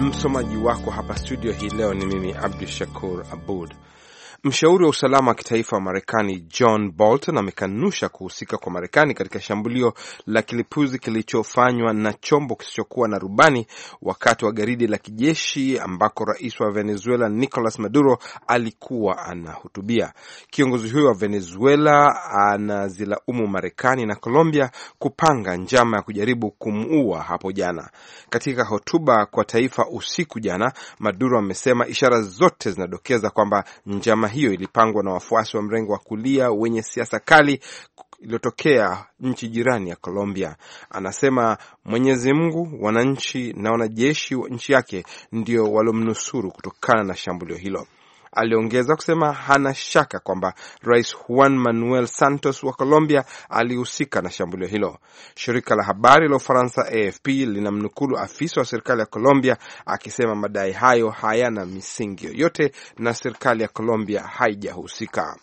Msomaji wako hapa studio hii leo ni mimi Abdu Shakur Abud. Mshauri wa usalama wa kitaifa wa Marekani John Bolton amekanusha kuhusika kwa Marekani katika shambulio la kilipuzi kilichofanywa na chombo kisichokuwa na rubani wakati wa garidi la kijeshi ambako rais wa Venezuela Nicolas Maduro alikuwa anahutubia. Kiongozi huyo wa Venezuela anazilaumu Marekani na Colombia kupanga njama ya kujaribu kumuua hapo jana. Katika hotuba kwa taifa usiku jana, Maduro amesema ishara zote zinadokeza kwamba njama hiyo ilipangwa na wafuasi wa mrengo wa kulia wenye siasa kali iliyotokea nchi jirani ya Colombia. Anasema Mwenyezi Mungu, wananchi na wanajeshi wa nchi yake ndio waliomnusuru kutokana na shambulio hilo. Aliongeza kusema hana shaka kwamba Rais Juan Manuel Santos wa Colombia alihusika na shambulio hilo. Shirika la habari la Ufaransa AFP linamnukulu afisa wa serikali ya Colombia akisema madai hayo hayana misingi yoyote na serikali ya Colombia haijahusika.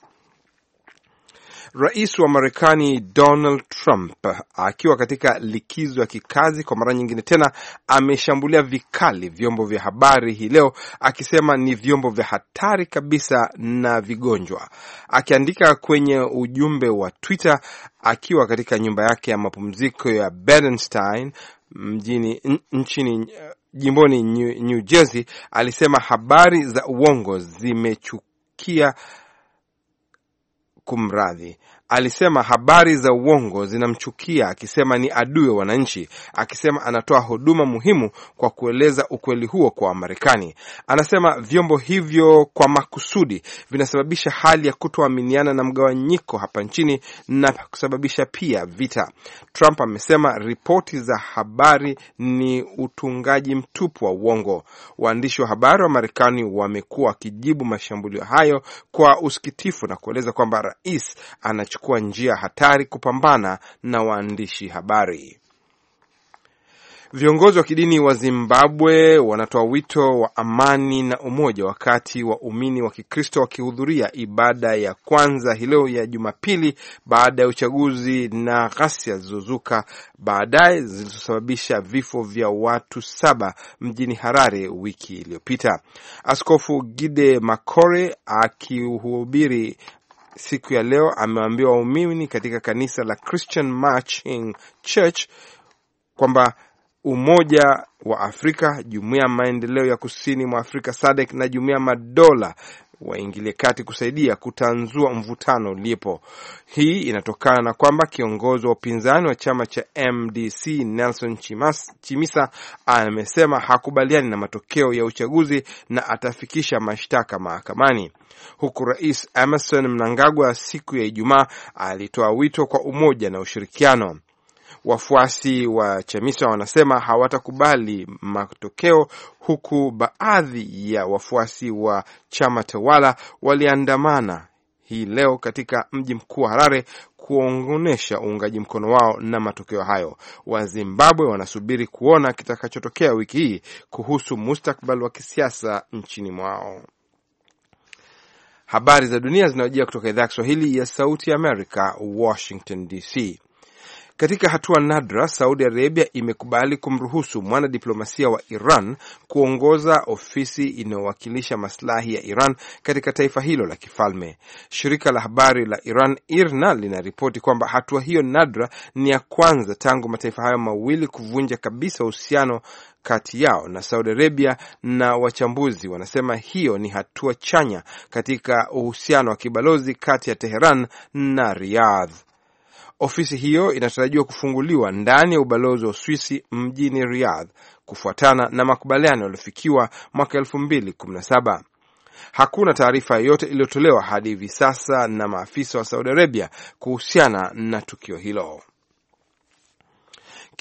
Rais wa Marekani Donald Trump akiwa katika likizo ya kikazi kwa mara nyingine tena ameshambulia vikali vyombo vya habari hii leo, akisema ni vyombo vya hatari kabisa na vigonjwa, akiandika kwenye ujumbe wa Twitter akiwa katika nyumba yake ya mapumziko ya Bernstein mjini nchini jimboni New Jersey. Alisema habari za uongo zimechukia Kumradhi, alisema habari za uongo zinamchukia, akisema ni adui wa wananchi, akisema anatoa huduma muhimu kwa kueleza ukweli huo kwa Wamarekani. Anasema vyombo hivyo kwa makusudi vinasababisha hali ya kutoaminiana na mgawanyiko hapa nchini na kusababisha pia vita. Trump amesema ripoti za habari ni utungaji mtupu wa uongo. Waandishi wa habari wa Marekani wamekuwa wakijibu mashambulio hayo kwa usikitifu na kueleza kwamba rais anachukua kuchukua njia hatari kupambana na waandishi habari. Viongozi wa kidini wa Zimbabwe wanatoa wito wa amani na umoja wakati waumini wa Kikristo wakihudhuria ibada ya kwanza hii leo ya Jumapili baada ya uchaguzi na ghasia zilizozuka baadaye zilizosababisha vifo vya watu saba mjini Harare wiki iliyopita. Askofu Gide Makore akihubiri siku ya leo amewaambia waumini katika kanisa la Christian Marching Church kwamba Umoja wa Afrika, Jumuiya ya Maendeleo ya Kusini mwa Afrika SADC na Jumuiya ya Madola waingilie kati kusaidia kutanzua mvutano uliopo. Hii inatokana na kwamba kiongozi wa upinzani wa chama cha MDC Nelson Chimas, Chimisa amesema hakubaliani na matokeo ya uchaguzi na atafikisha mashtaka mahakamani, huku Rais Emerson Mnangagwa siku ya Ijumaa alitoa wito kwa umoja na ushirikiano. Wafuasi wa Chamisa wanasema hawatakubali matokeo, huku baadhi ya wafuasi wa chama tawala waliandamana hii leo katika mji mkuu wa Harare kuonyesha uungaji mkono wao na matokeo hayo. Wazimbabwe wanasubiri kuona kitakachotokea wiki hii kuhusu mustakbal wa kisiasa nchini mwao. Habari za dunia zinawajia kutoka idhaa ya Kiswahili ya Sauti ya Amerika, Washington DC. Katika hatua nadra, Saudi Arabia imekubali kumruhusu mwanadiplomasia wa Iran kuongoza ofisi inayowakilisha maslahi ya Iran katika taifa hilo la kifalme. Shirika la habari la Iran IRNA linaripoti kwamba hatua hiyo nadra ni ya kwanza tangu mataifa hayo mawili kuvunja kabisa uhusiano kati yao na Saudi Arabia, na wachambuzi wanasema hiyo ni hatua chanya katika uhusiano wa kibalozi kati ya Teheran na Riyadh. Ofisi hiyo inatarajiwa kufunguliwa ndani ya ubalozi wa Uswisi mjini Riyadh kufuatana na makubaliano yaliyofikiwa mwaka 2017. Hakuna taarifa yoyote iliyotolewa hadi hivi sasa na maafisa wa Saudi Arabia kuhusiana na tukio hilo.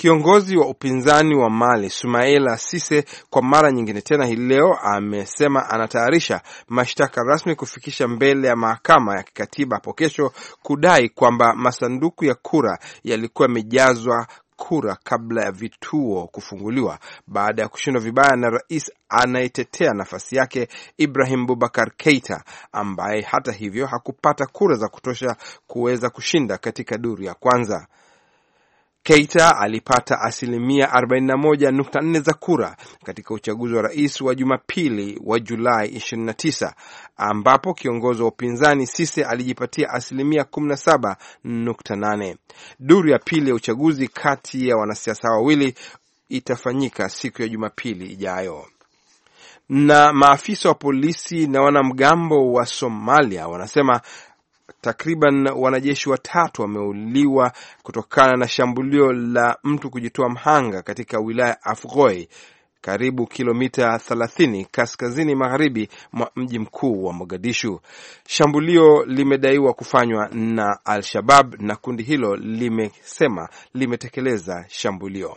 Kiongozi wa upinzani wa Mali Sumaila Sise kwa mara nyingine tena hii leo amesema anatayarisha mashtaka rasmi kufikisha mbele ya mahakama ya kikatiba hapo kesho kudai kwamba masanduku ya kura yalikuwa yamejazwa kura kabla ya vituo kufunguliwa baada ya kushindwa vibaya na rais anayetetea nafasi yake Ibrahim bubakar Keita, ambaye hata hivyo hakupata kura za kutosha kuweza kushinda katika duru ya kwanza. Keita alipata asilimia 41.4 za kura katika uchaguzi wa rais wa Jumapili wa Julai 29 ambapo kiongozi wa upinzani Sise alijipatia asilimia 17.8. Duru ya pili ya uchaguzi kati ya wanasiasa wawili itafanyika siku ya Jumapili ijayo na maafisa wa polisi na wanamgambo wa Somalia wanasema Takriban wanajeshi watatu wameuliwa kutokana na shambulio la mtu kujitoa mhanga katika wilaya Afghoi, karibu kilomita 30 kaskazini magharibi mwa mji mkuu wa Mogadishu. Shambulio limedaiwa kufanywa na Al-Shabab na kundi hilo limesema limetekeleza shambulio.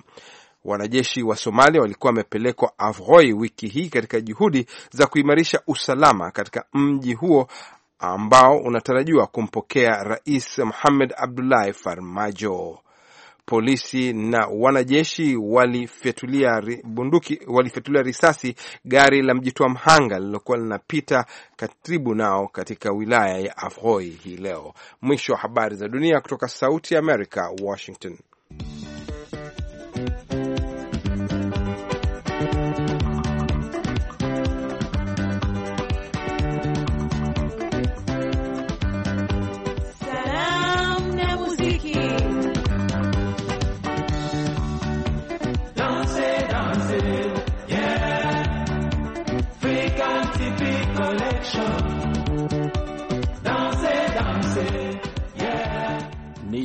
Wanajeshi wa Somalia walikuwa wamepelekwa Afghoi wiki hii katika juhudi za kuimarisha usalama katika mji huo ambao unatarajiwa kumpokea Rais Mohamed Abdullahi Farmajo. Polisi na wanajeshi walifyatulia bunduki, walifyatulia risasi gari la mjitoa mhanga lililokuwa linapita karibu nao katika wilaya ya Afroi hii leo. Mwisho wa habari za dunia kutoka Sauti ya Amerika, Washington.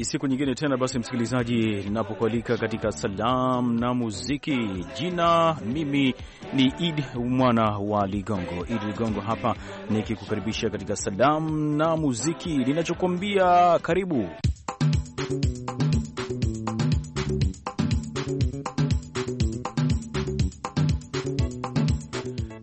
siku nyingine tena basi, msikilizaji, ninapokualika katika salamu na muziki. Jina mimi ni Idi mwana wa Ligongo, Idi Ligongo hapa nikikukaribisha katika salamu na muziki, ninachokuambia karibu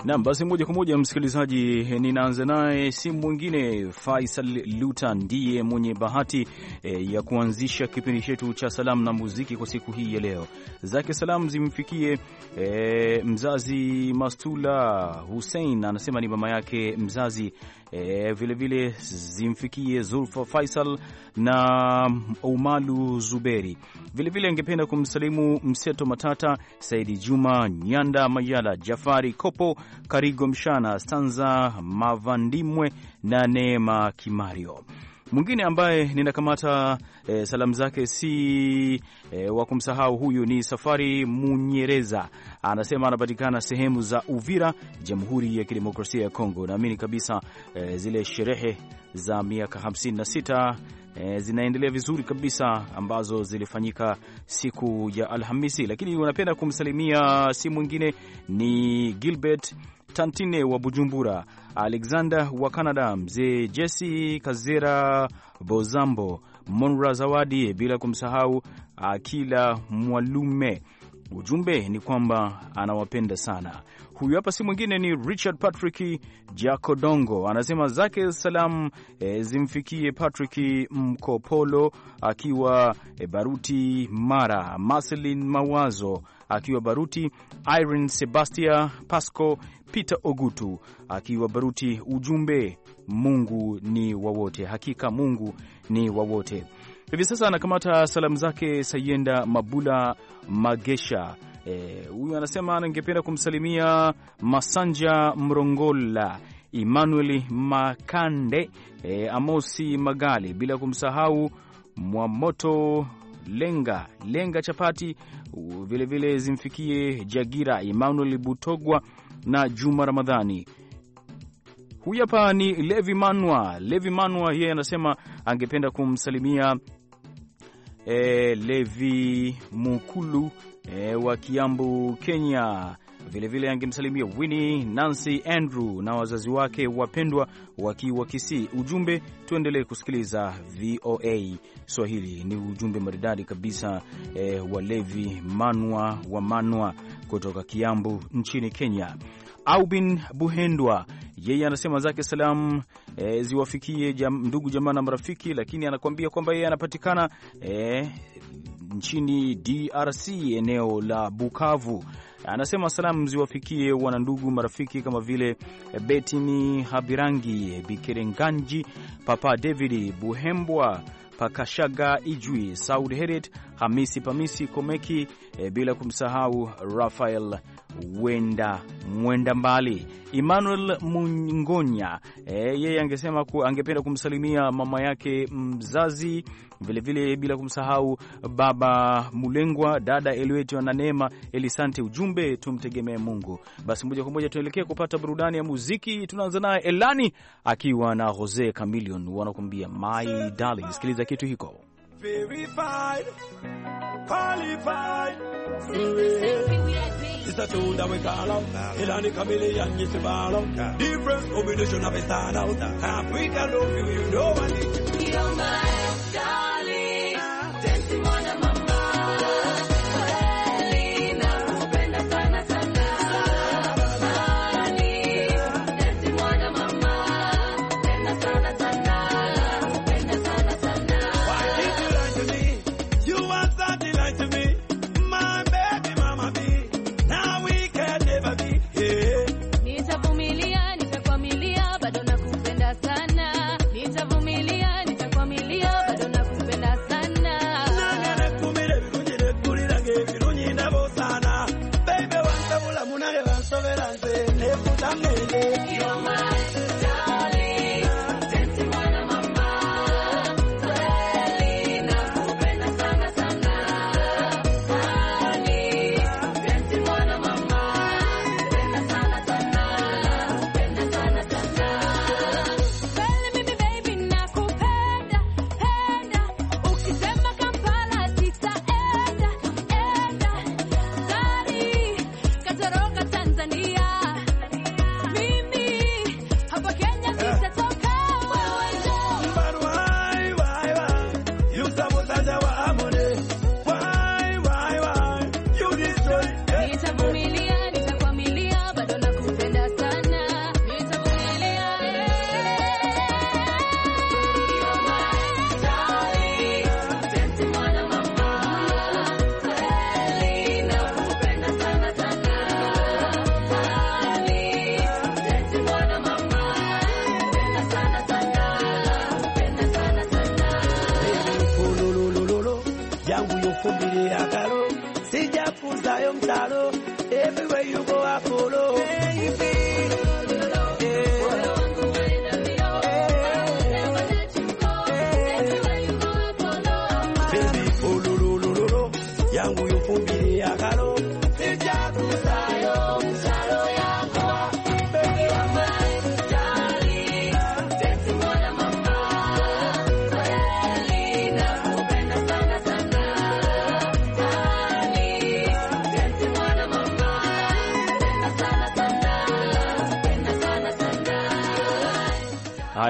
Nam, basi moja kwa moja msikilizaji, ninaanza naye, si mwingine Faisal Luta ndiye mwenye bahati e, ya kuanzisha kipindi chetu cha salamu na muziki kwa siku hii ya leo. Zake salamu zimfikie e, mzazi Mastula Hussein, anasema ni mama yake mzazi e, vile zimfikie Zulfa Faisal na Umalu Zuberi. Vilevile angependa kumsalimu Mseto Matata, Saidi Juma Nyanda, Mayala Jafari Kopo, Karigo Mshana, Stanza Mavandimwe na Neema Kimario. Mwingine ambaye ninakamata e, salamu zake si e, wa kumsahau huyu ni Safari Munyereza, anasema anapatikana sehemu za Uvira, Jamhuri ya Kidemokrasia ya Kongo. Naamini kabisa e, zile sherehe za miaka 56 e, zinaendelea vizuri kabisa ambazo zilifanyika siku ya Alhamisi, lakini unapenda kumsalimia si mwingine ni Gilbert Tantine wa Bujumbura Alexander wa Canada, mzee Jesse Kazera Bozambo, Monra Zawadi, bila kumsahau Akila Mwalume. Ujumbe ni kwamba anawapenda sana. Huyu hapa si mwingine ni Richard Patrick Jakodongo, anasema zake salamu e, zimfikie Patrick Mkopolo akiwa e, Baruti Mara, Marcelin Mawazo akiwa Baruti, Irene Sebastia Pasco, Peter Ogutu akiwa Baruti. Ujumbe, Mungu ni wawote, hakika Mungu ni wawote. Hivi sasa anakamata salamu zake Sayenda Mabula Magesha Eh, huyu e, anasema ningependa kumsalimia Masanja Mrongola, Emmanuel Makande, e, Amosi Magali, bila kumsahau Mwamoto Lenga Lenga Chapati, vilevile vile zimfikie Jagira Emmanuel Butogwa na Juma Ramadhani. Huyu hapa ni Levi Manwa. Levi Manwa yeye anasema angependa kumsalimia e, Levi Mukulu e, wa Kiambu, Kenya. Vilevile angemsalimia Winnie, Nancy, Andrew na wazazi wake wapendwa wakiwa Kisii. Ujumbe, tuendelee kusikiliza VOA Swahili. Ni ujumbe maridadi kabisa e, wa Levi Manwa wa Manwa kutoka Kiambu nchini Kenya. Aubin Buhendwa yeye anasema zake salamu e, ziwafikie jam, ndugu jamaa na marafiki, lakini anakuambia kwamba yeye anapatikana e, nchini DRC, eneo la Bukavu. Anasema salamu ziwafikie wana ndugu marafiki kama vile Betini Habirangi, Bikerenganji, Papa David Buhembwa, Pakashaga Ijwi, Saud Heret, Hamisi Pamisi Komeki, e, bila kumsahau Rafael Wenda Mwenda Mbali, Emmanuel Mungonya. E, yeye angesema ku, angependa kumsalimia mama yake mzazi vilevile vile, bila kumsahau baba Mulengwa, dada Elwetio na Neema Elisante. Ujumbe tumtegemee Mungu. Basi moja kwa moja tuelekee kupata burudani ya muziki. Tunaanza naye Elani akiwa na Jose Camilion, wanakuambia my darling. Sikiliza kitu hiko Verified, qualified. No.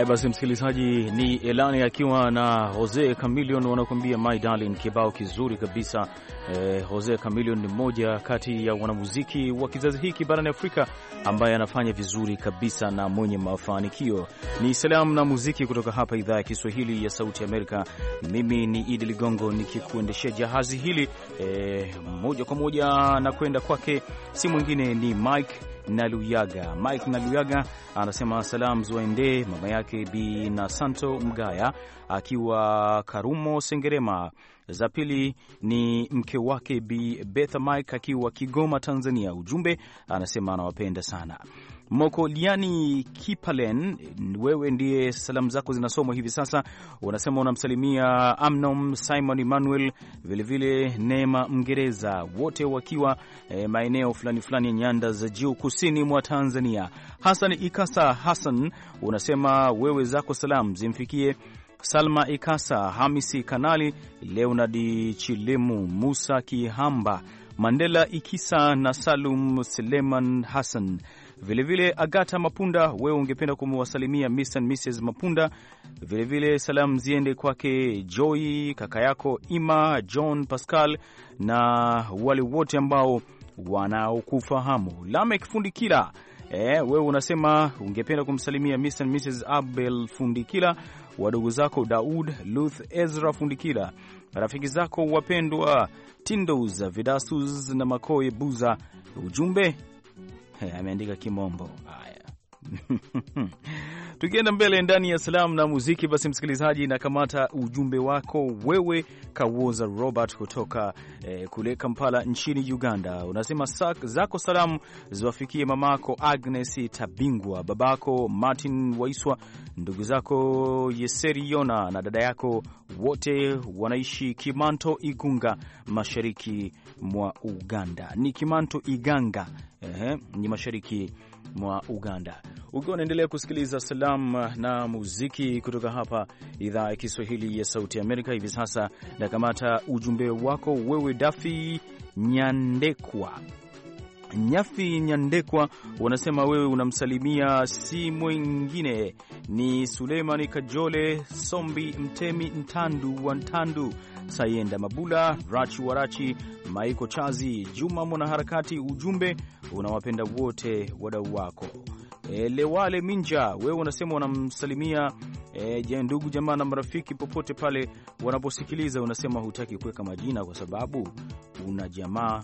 Haya basi, msikilizaji, ni Elani akiwa na Jose Camilion wanakuambia my darling, kibao kizuri kabisa. Eh, Jose Camilion ni mmoja kati ya wanamuziki wa kizazi hiki barani Afrika ambaye anafanya vizuri kabisa na mwenye mafanikio. Ni salamu na muziki kutoka hapa idhaa ya Kiswahili ya Sauti Amerika. Mimi ni Idi Ligongo nikikuendeshea jahazi hili eh, moja kwa moja na kwenda kwake, si mwingine ni Mike Naluyaga. Mike Naluyaga anasema salam zuende mama yake Bi na Santo Mgaya akiwa Karumo Sengerema. Za pili ni mke wake Bi Betha Mike akiwa Kigoma Tanzania. Ujumbe anasema anawapenda sana. Mokoliani Kipalen, wewe ndiye salamu zako zinasomwa hivi sasa. Unasema unamsalimia Amnom Simon Emmanuel, vilevile Neema mgereza wote wakiwa e, maeneo fulani fulani ya nyanda za juu kusini mwa Tanzania. Hasan Ikasa Hasan, unasema wewe zako salamu zimfikie Salma Ikasa, Hamisi Kanali, Leonard Chilemu, Musa Kihamba Mandela Ikisa na Salum Suleiman Hassan. Vilevile vile Agata Mapunda, wewe ungependa kumwasalimia Mr. and Mrs. Mapunda. Vilevile salamu ziende kwake Joy, kaka yako Ima, John Pascal na wale wote ambao wanaokufahamu. Lamek Fundikila, eh, wewe unasema ungependa kumsalimia Mr. and Mrs. Abel Fundikila, wadogo zako Daud Luth Ezra Fundikila marafiki zako wapendwa Tindos, Vidasus na Makoe Buza. Ujumbe ameandika kimombo. Haya, tukienda mbele ndani ya salamu na muziki, basi msikilizaji, nakamata ujumbe wako wewe, Kawoza Robert kutoka eh, kule Kampala nchini Uganda. Unasema sak, zako salamu ziwafikie mamako Agnes Tabingwa, babako Martin Waiswa, ndugu zako Yeseri Yona na dada yako wote wanaishi Kimanto Igunga, mashariki mwa Uganda. Ni Kimanto Iganga, ehe, ni mashariki mwa Uganda. Ukiwa unaendelea kusikiliza salamu na muziki kutoka hapa idhaa ya Kiswahili ya Sauti Amerika, hivi sasa nakamata ujumbe wako wewe, Dafi Nyandekwa Nyafi Nyandekwa, unasema wewe unamsalimia si mwingine ni Suleimani Kajole Sombi Mtemi Ntandu wa Ntandu Sayenda Mabula Rachi Warachi Maiko Chazi Juma mwanaharakati. Ujumbe unawapenda wote wadau wako e, Lewale Minja, wewe unasema unamsalimia e, ndugu jamaa na marafiki popote pale wanaposikiliza. Unasema hutaki kuweka majina kwa sababu una jamaa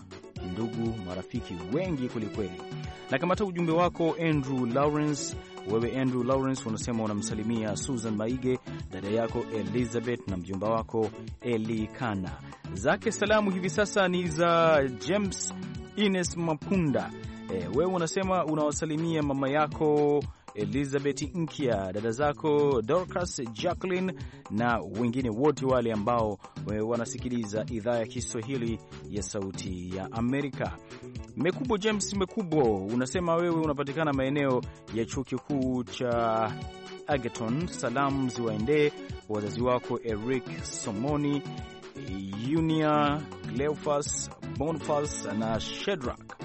ndugu marafiki wengi kwelikweli. Na hata ujumbe wako Andrew Lawrence. Wewe Andrew Lawrence unasema unamsalimia Susan Maige, dada yako Elizabeth na mjomba wako eli kana Zake salamu hivi sasa ni za James Ines Mapunda E, wewe unasema unawasalimia mama yako Elizabeth Nkia, dada zako Dorcas, Jacqueline na wengine wote wale ambao eh, wanasikiliza idhaa ya Kiswahili ya Sauti ya Amerika. Mekubwa James Mekubwa unasema wewe unapatikana maeneo ya chuo kikuu cha Agaton. Salamu ziwaendee wazazi wako Eric Somoni, Unia Cleofas, Bonfas na Shedrak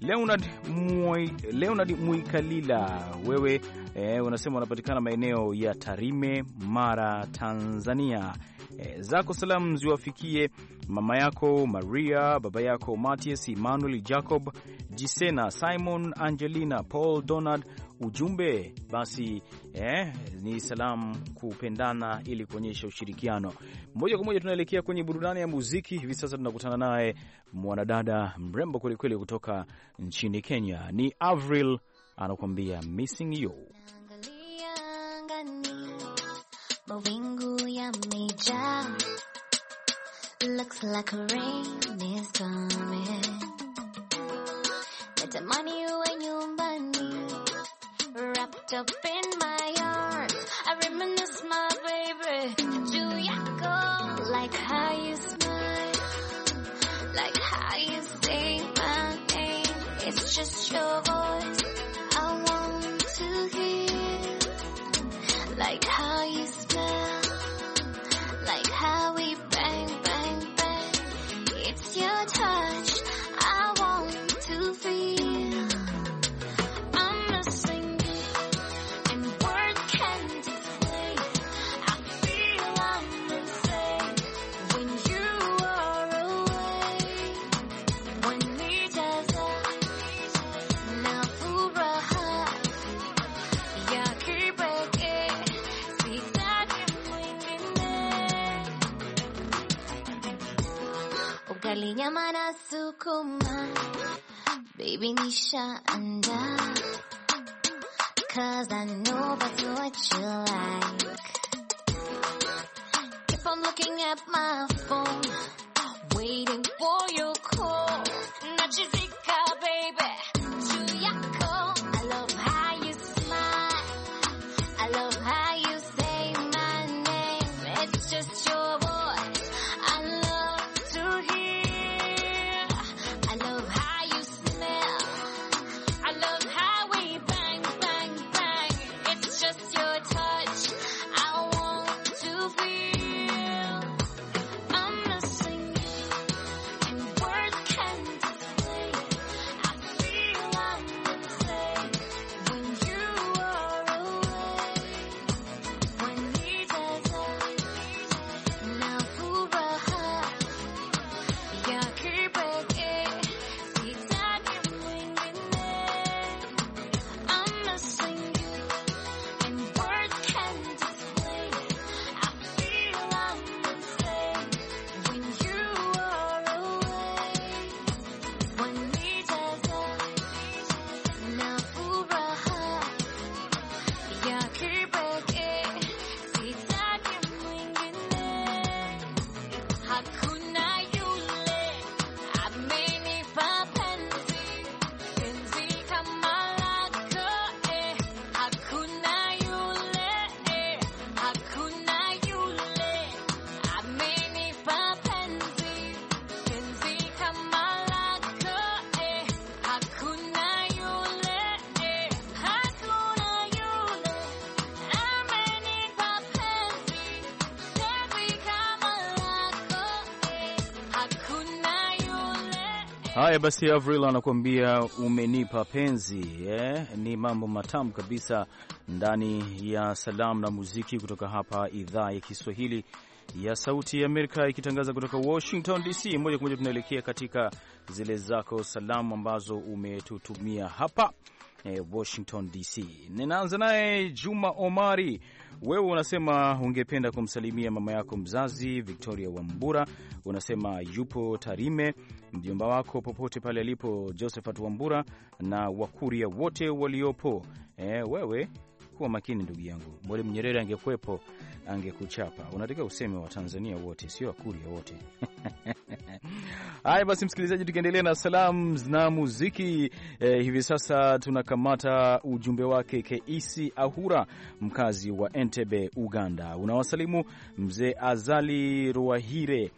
Leonard, Mui, Leonard Mwikalila wewe e, unasema unapatikana maeneo ya Tarime, Mara, Tanzania. E, zako salamu ziwafikie mama yako Maria, baba yako Matias, Emmanuel, Jacob, Jisena, Simon, Angelina, Paul, Donald. Ujumbe basi eh, ni salamu kupendana ili kuonyesha ushirikiano. Moja kwa moja tunaelekea kwenye burudani ya muziki hivi sasa. Tunakutana naye mwanadada mrembo kwelikweli kutoka nchini Kenya, ni Avril anakuambia missing you. angani, mawingu yamejaa looks like a rainstorm. Natamani uwe nyumbani, wrapped up in my arms. I reminisce my baby, you go like how you smile, like how you say my name. It's just your voice I want to hear, like how you. Baby, Nisha and I Cause I know that's what you like If I'm looking at my phone Waiting for your call Nachizika, baby call? I love how you smile I love how you say my name It's just you. Haya basi, Avril anakuambia umenipa penzi yeah. Ni mambo matamu kabisa ndani ya salamu na muziki kutoka hapa idhaa ya Kiswahili ya Sauti ya Amerika ikitangaza kutoka Washington DC. Moja kwa moja tunaelekea katika zile zako salamu ambazo umetutumia hapa Eh, Washington DC. Ninaanza naye Juma Omari, wewe unasema ungependa kumsalimia mama yako mzazi Victoria Wambura, unasema yupo Tarime, mjomba wako popote pale alipo Josephat Wambura na Wakuria wote waliopo. E, wewe kuwa makini ndugu yangu, Mwalimu Nyerere angekwepo angekuchapa. Unataka useme wa Tanzania wote, sio Wakuria wote. Haya basi, msikilizaji, tukiendelea na salamu na muziki eh, hivi sasa tunakamata ujumbe wake Keisi Ahura, mkazi wa Entebbe, Uganda. Unawasalimu mzee Azali Ruahire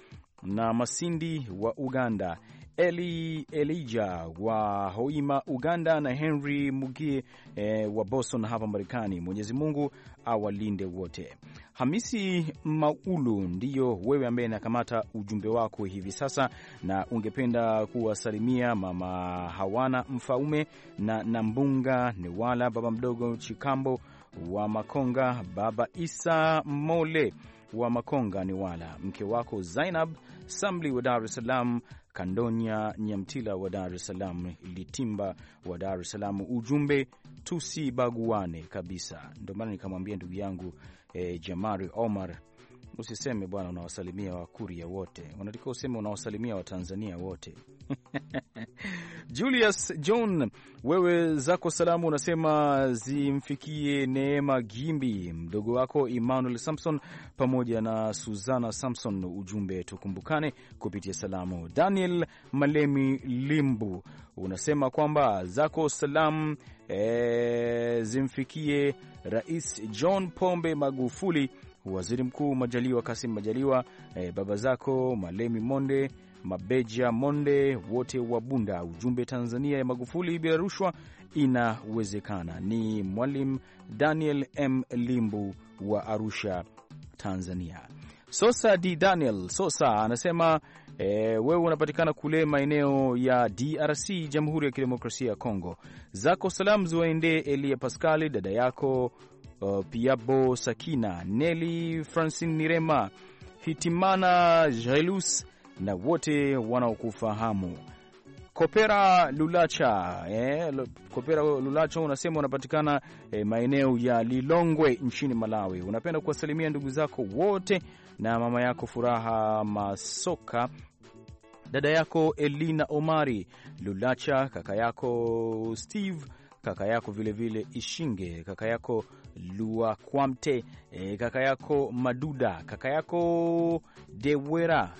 na Masindi wa Uganda Eli Elija wa Hoima, Uganda, na Henry Mugie e, wa Boston hapa Marekani. Mwenyezi Mungu awalinde wote. Hamisi Maulu, ndiyo wewe ambaye nakamata ujumbe wako hivi sasa, na ungependa kuwasalimia mama Hawana Mfaume na Nambunga Newala, baba mdogo Chikambo wa Makonga, baba Isa Mole wa Makonga Newala, mke wako Zainab Samli wa Dar es Salaam Kandonya Nyamtila wa Dar es Salaam, Litimba wa Dar es Salaam, ujumbe tusibaguane kabisa. Ndio maana nikamwambia ndugu yangu eh, Jamari Omar usiseme bwana unawasalimia Wakuria wote, unatakiwa useme unawasalimia Watanzania wote. Julius John, wewe zako salamu unasema zimfikie Neema Gimbi, mdogo wako Emmanuel Samson pamoja na Suzana Samson. Ujumbe tukumbukane kupitia salamu. Daniel Malemi Limbu unasema kwamba zako salamu e, zimfikie Rais John Pombe Magufuli, Waziri Mkuu Majaliwa Kasim Majaliwa, e, baba zako Malemi Monde Mabeja Monde wote wa Bunda. Ujumbe, Tanzania ya Magufuli bila rushwa inawezekana. Ni Mwalimu Daniel M Limbu wa Arusha, Tanzania. Sosa D Daniel Sosa anasema E, wewe unapatikana kule maeneo ya DRC, Jamhuri ya Kidemokrasia ya Kongo. Zako salamu ziwaendee Elia Pascali, dada yako uh, Piabo Sakina, Neli Francine, Nirema Hitimana, Jailus na wote wanaokufahamu. Kopera Lulacha eh, Kopera Lulacha unasema unapatikana eh, maeneo ya Lilongwe nchini Malawi. Unapenda kuwasalimia ndugu zako wote na mama yako Furaha Masoka dada yako Elina Omari Lulacha, kaka yako Steve, kaka yako vilevile vile Ishinge, kaka yako Kwamte, e, kaka yako Maduda, kaka yako Dewera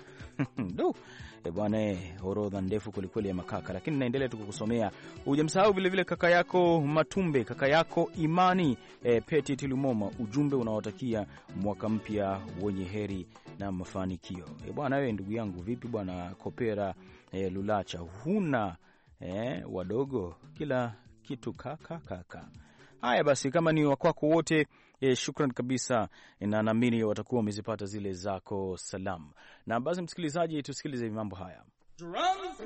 e bwana, e, orodha ndefu kwelikweli ya makaka, lakini naendelea tu kukusomea. Hujamsahau vilevile kaka yako Matumbe, kaka yako Imani e, Peti Tilumoma. Ujumbe unaotakia mwaka mpya wenye heri na mafanikio. E bwana, wewe ndugu yangu, vipi bwana Kopera e, Lulacha, huna e, wadogo kila kitu kaka kaka. Haya basi, kama ni wakwako wote e, shukran kabisa e, na naamini watakuwa wamezipata zile zako salamu. Na basi, msikilizaji, tusikilize mambo haya Drums,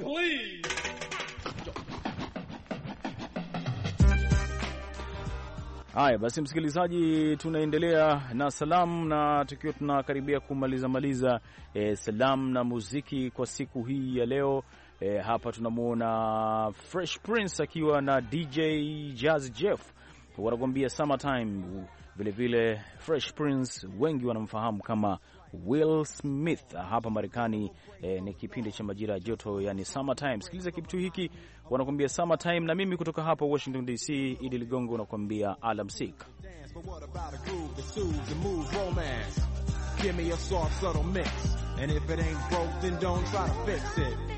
Haya basi, msikilizaji, tunaendelea na salamu na tukiwa tunakaribia kumaliza maliza e, salamu na muziki kwa siku hii ya leo. E, hapa tunamwona Fresh Prince akiwa na DJ Jazz Jeff wanakuambia summertime. Vilevile Fresh Prince wengi wanamfahamu kama Will Smith hapa Marekani. Eh, ni kipindi cha majira ya joto, yani time. Sikiliza kitu hiki wanakuambia time, na mimi kutoka hapa Washington DC, Idi Ligongo unakuambia alamsik. Give me a soft subtle mix and if it ain't broke then don't try to fix it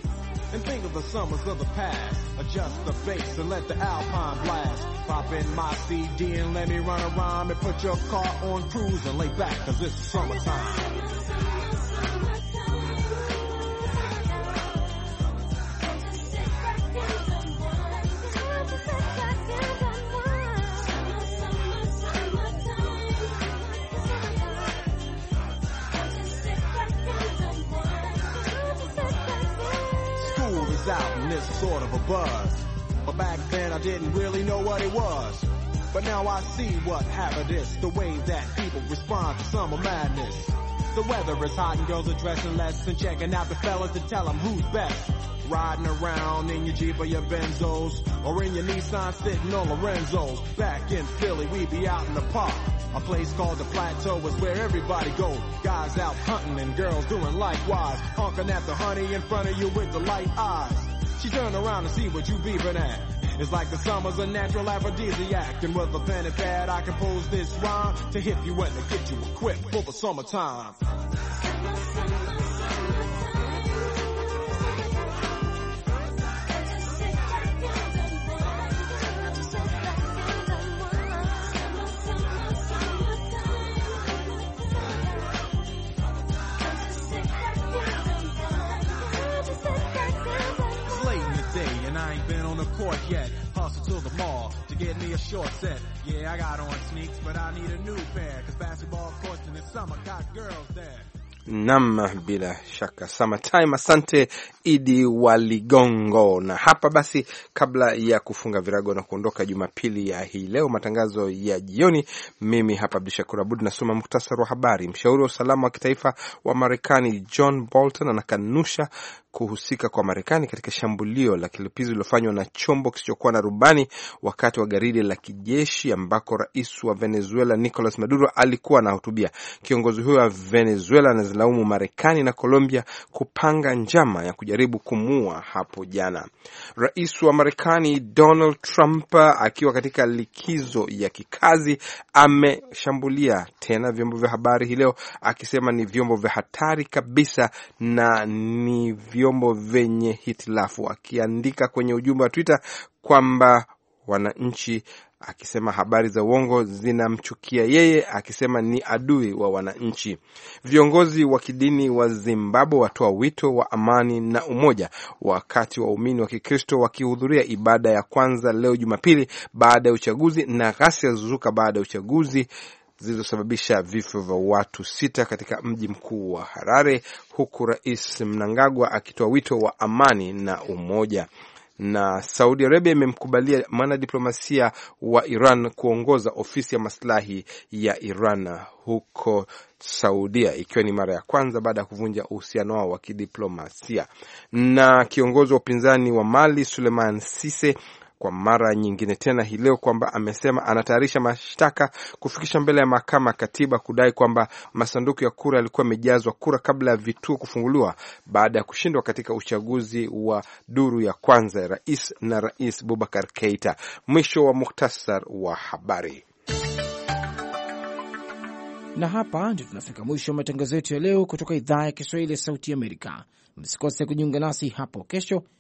and think of the summers of the past. Adjust the bass and let the alpine blast. Pop in my CD and let me run around and put your car on cruise and lay back cause it's summertime. Was out and it's sort of a buzz. But back then I didn't really know what it was. But now I see what happened is the way that people respond to summer madness. The weather is hot and girls are dressing less and checking out the fellas to tell them who's best. Riding around in your Jeep or your Benzos, or in your Nissan sitting on Lorenzo's. Back in Philly, we be out in the park. A place called the Plateau is where everybody go. Guys out hunting and girls doing likewise. Honking at the honey in front of you with the light eyes. She turn around to see what you bein at. It's like the summer's a natural aphrodisiac. And with a pen and pad, I compose this rhyme to hit you and to get you equipped for the summertime. and I ain't been on the court yet. Hustle to the mall to get me a short set. Yeah, I got on sneaks, but I need a new pair. Cause basketball courts in the summer got girls there. Nam, bila shaka summertime. Asante Idi Waligongo. Na hapa basi, kabla ya kufunga virago na kuondoka Jumapili ya hii leo, matangazo ya jioni, mimi hapa Abdu Shakur Abud nasoma muktasari wa habari. Mshauri wa usalama wa kitaifa wa Marekani John Bolton anakanusha kuhusika kwa Marekani katika shambulio la kilipizi lilofanywa na chombo kisichokuwa na rubani wakati wa garidi la kijeshi ambako rais wa Venezuela Nicolas Maduro alikuwa anahutubia. Kiongozi huyo wa Venezuela anazilaumu Marekani na Colombia kupanga njama ya kujaribu kumua hapo jana. Rais wa Marekani Donald Trump akiwa katika likizo ya kikazi ameshambulia tena vyombo vya habari hii leo akisema ni vyombo vya hatari kabisa na ni vyombo vyenye hitilafu, akiandika kwenye ujumbe wa Twitter kwamba wananchi akisema habari za uongo zinamchukia yeye, akisema ni adui wa wananchi. Viongozi wa kidini wa Zimbabwe watoa wito wa amani na umoja, wakati waumini wa Kikristo wakihudhuria ibada ya kwanza leo Jumapili baada ya uchaguzi na ghasia zilizozuka baada ya uchaguzi zilizosababisha vifo vya watu sita katika mji mkuu wa Harare, huku Rais Mnangagwa akitoa wito wa amani na umoja. Na Saudi Arabia imemkubalia mwanadiplomasia wa Iran kuongoza ofisi ya maslahi ya Iran huko Saudia, ikiwa ni mara ya kwanza baada ya kuvunja uhusiano wao wa kidiplomasia. Na kiongozi wa upinzani wa Mali Suleiman Sise kwa mara nyingine tena hii leo kwamba amesema anatayarisha mashtaka kufikisha mbele ya mahakama ya katiba kudai kwamba masanduku ya kura yalikuwa yamejazwa kura kabla ya vituo kufunguliwa baada ya kushindwa katika uchaguzi wa duru ya kwanza ya rais na Rais Bubakar Keita. Mwisho wa muhtasar wa habari na hapa ndio tunafika mwisho wa matangazo yetu ya leo kutoka idhaa ya Kiswahili ya Sauti Amerika. Msikose kujiunga nasi hapo kesho